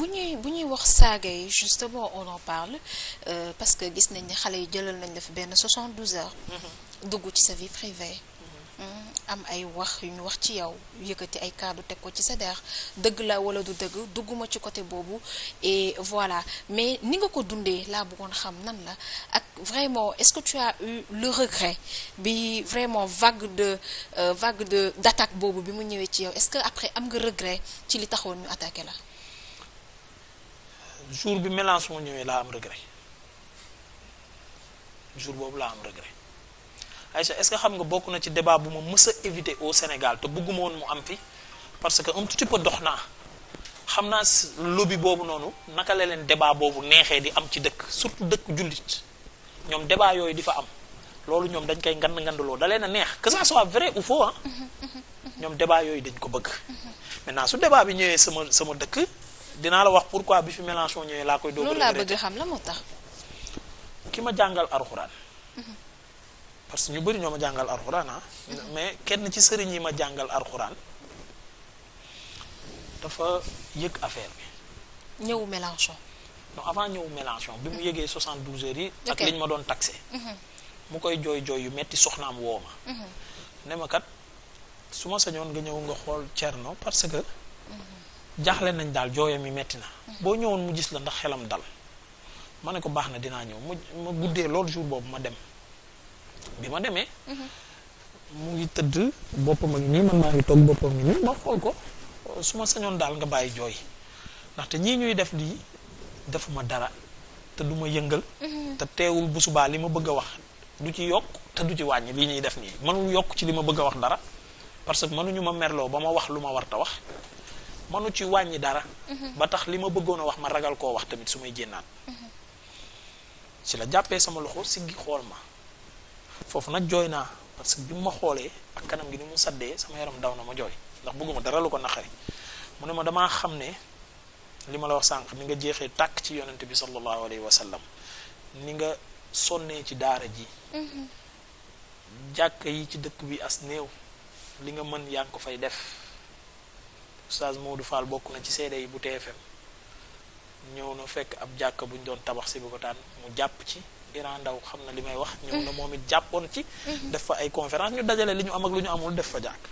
bu ñuy bu ñuy wax saaga yi justement on en parle euh, parce que gis nañ ni xale yi jëlal nañ la benn benn 72 heures. Mm-hmm. dugg ci sa vie privée. Mm-hmm. am ay wax yu ñu wax ci yow yëkkati ay kàddu teg ko ci sa der dëgg la wala du dëgg dugguma ci côté boobu et voilà mais ni nga ko dundee laa bëggoon xam nan la ak vraiment est-ce que tu as eu le regret bi vraiment vague de euh, vague de d'attaque boobu bi mu ñëwee ci yow est-ce que après am nga regret ci li taxoon ñu attaqué la. jour bi Mélenchon ñëwee laa am regret jour boobu laa am regret Aïcha est-ce que xam nga bokk na ci débat bu ma mës a au Sénégal te bëgguma woon mu am fi parce que un petit peu dox naa xam naa lobby boobu noonu naka la leen débat boobu neexee di am ci dëkk surtout dëkk jullit ñoom débat yooyu di fa am loolu ñoom dañ koy ngand ngandloo da leen a neex que ça soit vrai ou faux ah ñoom débat yooyu dañ ko bëgg maintenant su débat bi ñëwee sama sama dëkk dinaa la wax pour pourquoi bi fi Mélenchon ñooy laa koy. doo loolu laa bëgg xam la moo tax. ki ma jàngal alxuraan. Mhm. parce que ñu bëri ñoo ma jàngal alxuraan ah. mhm. mais kenn ci sëriñ yi ma jàngal alxuraan dafa yëg affaire bi. ñëw Mélenchon. non avant ñëw Mélenchon bi mu mhm. yëgee 72 heures yi. ak li ma doon taxé. mu koy jooy jooy yu metti soxnaam woo ma. ne su ma sañoon nga ñëw nga xool Thierno parce que. jaaxle nañ daal jooyam yi metti na boo ñëwoon mu gis la ndax xelam dal ma ne ko baax na dinaa ñëw ma ma guddee loolu jour boobu ma dem bi ma demee mhm. mu ngi tëdd boppam a ngi nii man maa toog boppam ngi nii ma xool ko su ma sañoon daal nga bàyyi jooy ndaxte ñii ñuy def lii defuma dara te du yëngal mhm. te teewul bu subaa li ma bëgg a wax du ci yokk te du ci wàññi lii ñuy def nii mënul yokk ci li ma bëgg a wax dara parce que mënuñu ma merloo ba ma wax lu ma warta wax mënu ci wàññi dara mhm. ba tax li ma bëggoon a wax ma ragal koo wax tamit su may génnaat ci mhm. la jàppee sama loxo siggi xool ma foofu nag jooy naa parce que bi mu ma xoolee ak kanam gi ni mu saddee sama yaram daw na ma jooy ndax bëgguma dara lu ko naqari mu ne ma dama xam ne li ma la wax sànq ni nga jeexee tàkk ci yonent bi sallallahu alayhi wa sallam ni nga sonnee ci daara ji mhm. jàkka yi ci dëkk bi as néew li nga mën yaa ngi ko fay def oustaz Modou Fall bokk na ci seede yi bu TFM ñëw na fekk ab jàkka bu ñu doon tabax si bu ko taan mu jàpp ci Iran Ndaw xam na li may wax ñëw na moom it jàppoon ci mhm. def fa ay conférence ñu dajale li ñu am ak lu ñu amul def fa jàkk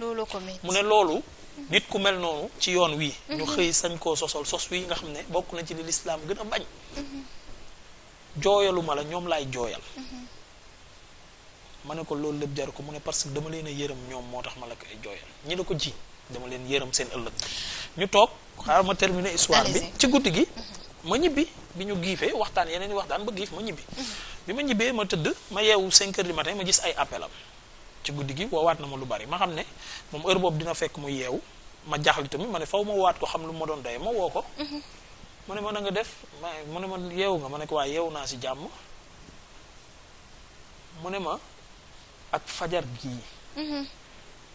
loolu mu ne loolu mhm. nit ku mel noonu ci yoon wii ñu mhm. xëy sañ koo sosol sos wii nga xam ne bokk na ci li lislaam gën a bañ jooyaluma la ñoom laay jooyal ma ne ko loolu lépp jar ko mu ne parce que dama leen a yërëm ñoom moo tax ma la koy jooyal ñi la ko jiiñ dama leen yërëm seen ëllëg ñu toog xaaral ma terminer histoire bi ci guddi gi mhm. ma ñibbi bi ñu giifee waxtaan yeneen i waxtaan ba giif ma ñibbi mhm. bi ma ñibbee ma tëdd ma yeewu 5 heures du matin ma gis ay appel ci guddi gi woowaat na ma lu bari ma xam ne moom heure boobu dina fekk mu yeew ma jaaxle tamit ma ne faw ma waat ko xam lu ma doon doye ma woo ko mhm. mu ne ma na nga def ma mu ne ma yeewu nga ma ne ko waaye yeewu naa si jàmm mu ne ma ak fajar gii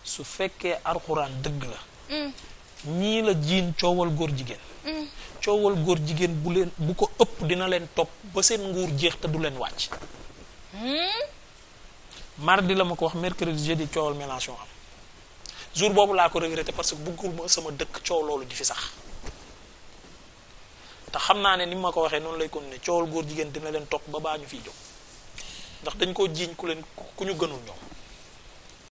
su fekkee alxuraan dëgg la mm. ñii la jiin coowal góor jigéen mm. coowal góor jigéen bu leen bu ko ëpp dina leen topp ba seen nguur jeex te du leen wàcc mm. mardi la ma ko wax mercredi jeudi coowal mélange am jour boobu laa ko regretté parce que buggul ma sama dëkk coow loolu di fi sax te xam naa ne ni ma ko waxee noonu lay ne coowal góor jigéen dina leen topp ba baa ñu fiy jóg ndax dañ koo jiiñ ku leen ku ñu gënul ñoom